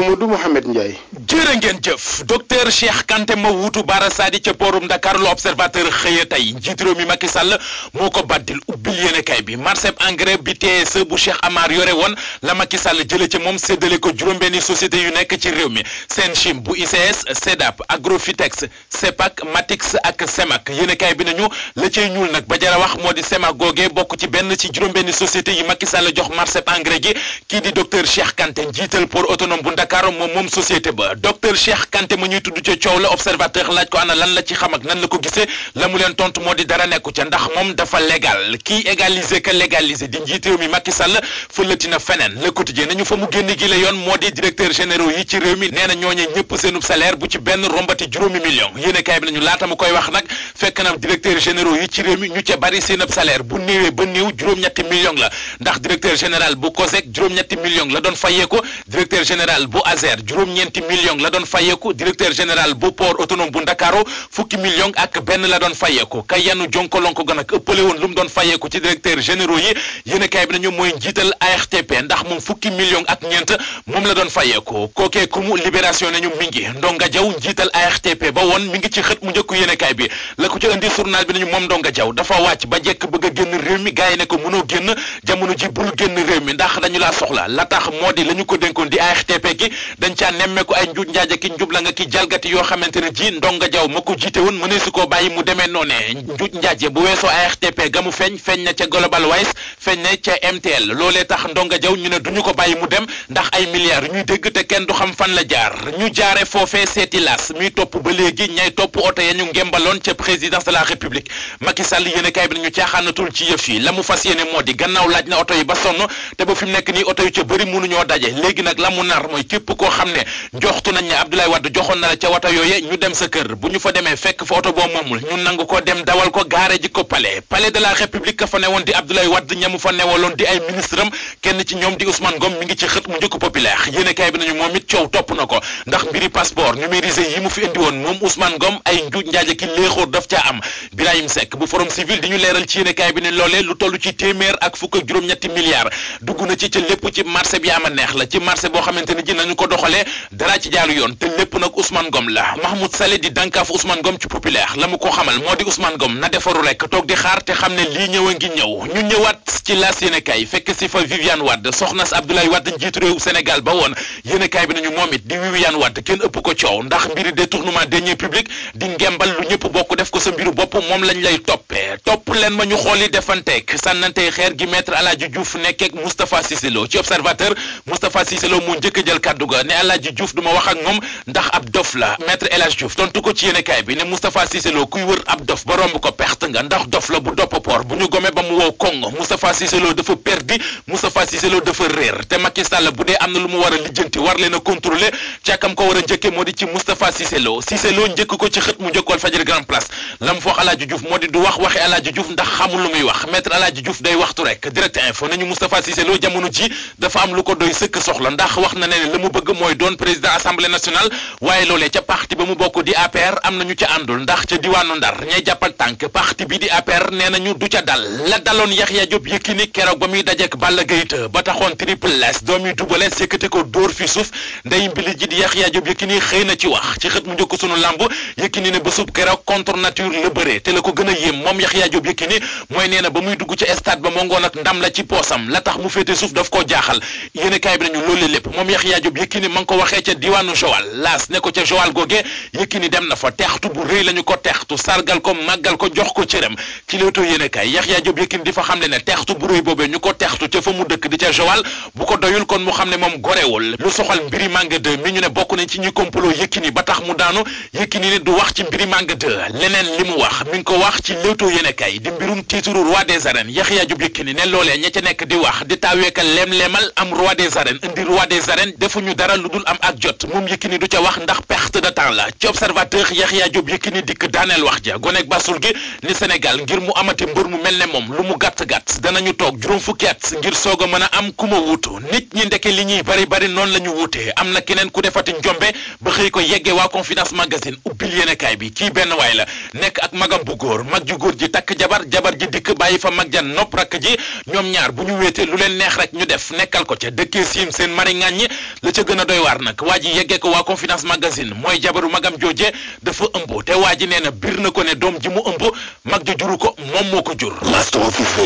Mamadou Mouhamed Ndiaye jërë ngeen jëf docteur Cheikh Kanté ma wuutu Bara ca poorum Dakar lu observateur xëya tey njiitu réew mi Macky moo ko baddil ubbil yéenekaay bi marché engrais bi TSE bu Cheikh Amar yore woon la Macky Sall jële ca moom séddale ko juróom-benni société yu nekk ci réew mi Senchim bu ICS SEDAP Agrofitex SEPAC Matix ak SEMAC yéenekaay bi nañu la cay ñuul nag ba jara wax moo di SEMAC googee bokk ci benn ci juróom-benni so yi Macky Sall jox marché engrais gi kii di Dakar moom moom société ba docteur Cheikh Kanté mu ñuy tudd ca coow la observateur laaj ko ana lan la ci xam ak nan la ko gisee la mu leen tontu moo di dara nekku ca ndax moom dafa légal kii égaliser que légaliser di njiit réew mi Macky Sall na feneen le quotidien nañu fa mu génn gi la yoon moo di directeur généraux yi ci réew mi nee na ñooñe ñëpp seenub salaire bu ci benn rombati juróomi million yéene kaay bi nañu laata ma koy wax nag fekk na directeur généraux yi ci réew mi ñu ca bari seen ab salaire bu néewee ba néew juróom-ñetti millions la ndax directeur général bu COSEC juróom-ñetti millions la doon fayee ko directeur général bu ASER juróom la doon fayee ko directeur général bu port autonome bu Ndakaaru fukki millions ak benn la doon fayee ko kay yanu jonkolonko ga nag ëppale woon lu mu doon fayee ko ci directeur généraux yi yéen kaay bi nañu mooy njiital ARTP ndax moom fukki million ak ñeent moom la doon fayee ko kookee ku mu libération nañu mi ngi ndonga jaw njiital ARTP ba woon mi ngi ci xët mu njëkk yéen bi ku ci indi journal bi nañu moom Ndonga Diaw dafa wàcc ba jekk bëgg a génn réew mi gars ne ko mënoo génn jamono ji bul génn réew mi ndax dañu la soxla la tax moo di la ko dénkoon di ARTP ki dañ caa nemmeeku ay njuuj njaaja ki njub la nga ki jalgati yoo xamante ne ji Ndonga Diaw ma ko jiite woon mënee su koo bàyyi mu demee noo ne njuuj njaaje bu weesoo ARTP ga mu feeñ feeñ na ca Global Wise feeñ na ca MTL loolee tax Ndonga jaw ñu ne duñu ko bàyyi mu dem ndax ay milliards ñuy dégg te kenn du xam fan la jaar ñu jaare foofee seeti las muy topp ba léegi ñay topp oto ya ñu ngembaloon ca présidence de la république Macky Sall yéene kaay bi nañu caaxaanatul ci yëf yi la mu fas yéene moo di gannaaw oto yi ba sonn te ba fi mu nekk nii oto yu ca bëri mënuñoo daje léegi nag la mu nar mooy képp koo xam ne joxtu nañ ne Abdoulaye Wade joxoon na la ca wata yooye ñu dem sa kër bu ñu fa demee fekk fa oto boo moomul ñu nangu ko dem dawal ko gaare ko palais palais de la république ka fa newoon di Abdoulaye Wade ñamu fa newaloon di ay ministre kenn ci ñoom di Ousmane Ngom mi ngi ci xët mu njëkk populaire yéene kaay bi nañu moom it coow topp na ko ndax mbiri passeport numérisé mu fi indi woon moom Ousmane Ngom ay njuuj njaaje ki léexóor daf caa am Birahim Seck bu forum civil di ñu leeral ci yéene kaay bi ne loolee lu toll ci téeméer ak fukk ak juróom dugg na ci ca lépp ci marché bi ama neex la ci marché boo xamante ni ji nañu ko doxalee dara ci jaaru yoon te lépp nag Ousmane Ngom la Mahmoud Saleh di dànkaaf Ousmane Ngom ci populaire la mu ko xamal moo di Ousmane Ngom na defaru rek toog di xaar te xam ne lii ñëw ngi ñëw ñu ñëwaat ci laas yéenekaay fekk si fa Viviane Wade soxnas Abdoulaye Wade njiitu réew Sénégal ba woon yéenekaay bi nañu moom it di Viviane Wade kenn ëpp ko coow ndax mbiri détournement deniers sa mbiru bopp moom lañ lay toppee Moustapha Cissé Lo ci observateur Moustapha Cissé Lo moo njëkk a jël kàddu ga ne El Hadji Diouf wax ak moom ndax ab dof la maître El Hadji Diouf ko ci yéenekaay bi ne Moustapha Cissé Lo kuy wër ab dof ba romb ko perte nga ndax dof la bu dopp poor bu ñu gome ba mu wow kongo Moustapha Cissé Lo dafa perdi Moustapha Cissé Lo dafa réer te Macky Sall bu dee am na lu mu war a lijjanti war leen a contrôler càkkam ko war a njëkkee moo di ci Moustapha Cissé Lo njëkk ko ci xët mu njëkkool fajar grand place lam foox El Hadji Diouf moo di du Marcelo jamono ji dafa am lu ko doy sëkk soxla ndax wax na ne la mu bëgg mooy doon président assemblée nationale waaye loolee ca parti ba mu bokk di APR am na ñu ca àndul ndax ca diwaanu Ndar ñay jàppal tànk parti bi di APR nee ñu du ca dal la daloon Yaxya Jóob Yékini keroog ba muy dajeek Balla Gaye ba taxoon Triple Less doom yi Double Less ko dóor fi suuf ndey mbili ji di Yaxya Jóob Yékini xëy na ci wax ci xët mu njëkk sunu làmb Yékini ne bésub a féete suuf daf koo jaaxal yéen kaay bi nañu loolu lépp moom Yaxya Jóob Yékini ma ngi ko waxee ca diwaanu Joal laas ne ko ca Joal goge Yékini dem na fa textu bu rëy la ko textu sargal ko màggal ko jox ko cëram ci Leewtoo yéen kaay Yaxya Jóob Yékini di xam ne ne bu rëy boobee ñu ko textu ca fa mu Joal bu ko doyul kon mu xam ne moom gorewul lu soxal mbiri Manga 2 mi ñu ne bokk nañ ci ñi complot Yékini ba tax mu daanu Yékini ne du wax ci mbiri Manga 2 leneen li mu wax mi ngi ko wax ci Leewtoo yéenekaay di mbirum tiituru roi des arènes Yaxya Jóob Yékini ne loolee ña ca nekk di wax di taaweekal leem-leemal am roi des arènes indi roi des arènes defuñu dara lu dul am ak jot moom Yékini du ca wax ndax perte de temps la ci observateur Yaxya Jóob Yékini dikk daaneel wax ja gonek basul gi ni Sénégal mu amati mbër moom lu mu gàtt-gàtt danañu toog juróom fukki at ngir soog a mën a am ku ma wutu nit ñi ndeke li ñuy bari bari noonu la ñu wutee am na keneen ku defati njombe ba xëy ko yeggee waa Confidence Magazine ubbil yéenekaay bi kii benn waay la nekk ak magam bu góor mag ju góor ji takk jabar jabar ji dikk bàyyi fa mag ja nopp rakk ji ñoom ñaar bu ñu wéetee lu leen neex rek ñu def nekkal ko ca dëkkee siim seen mari ŋàññi la ca gën a doy waar nag waa ji yeggee ko waa Confidence Magazine mooy jabaru magam jooje dafa ëmb te waa ji nee na bir na ko ne doom ji mu ëmb mag ju juru ko moom moo ko jur